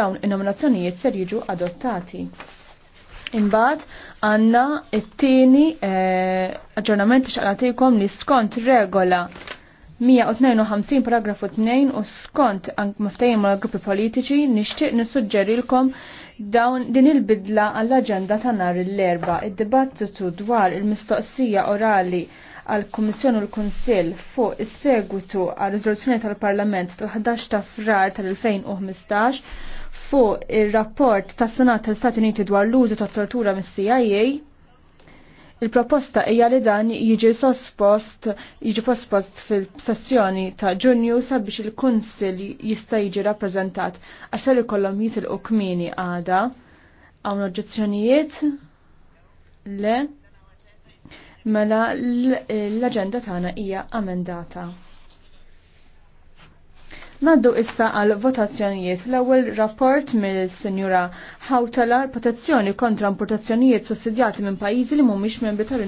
dawn in-nominazzjonijiet ser jiġu adottati. Imbagħad għandna t-tieni eh, aġġornament biex għalatikom li skont regola 152 paragrafu 2 u skont maftajin mal gruppi politiċi nixtieq nissuġġerilkom dawn din il-bidla għall-aġenda ta' nhar l-erba' id-dibattitu dwar il-mistoqsija orali għal kummissjoni u l-Kunsill fuq is-segwitu għal riżoluzzjoni tal-Parlament tal-11 ta' frar tal-2015 fuq ir-rapport tas-Senat tal-Stati Uniti dwar l-użu ta' tortura mis-CIA, il-proposta hija li dan jiġi sospost, jiġi pospost fil-sessjoni ta' Ġunju sabiex il-Kunsil jista' jiġi rappreżentat għax sar ikollhom jitilqu kmini għada hawn oġġezzjonijiet le mela l-aġenda tagħna hija amendata. Naddu issa għal votazzjonijiet l-ewwel rapport mill-Sinjura Hautala protezzjoni kontra importazzjonijiet sussidjati minn pajjiżi li mhumiex membri tal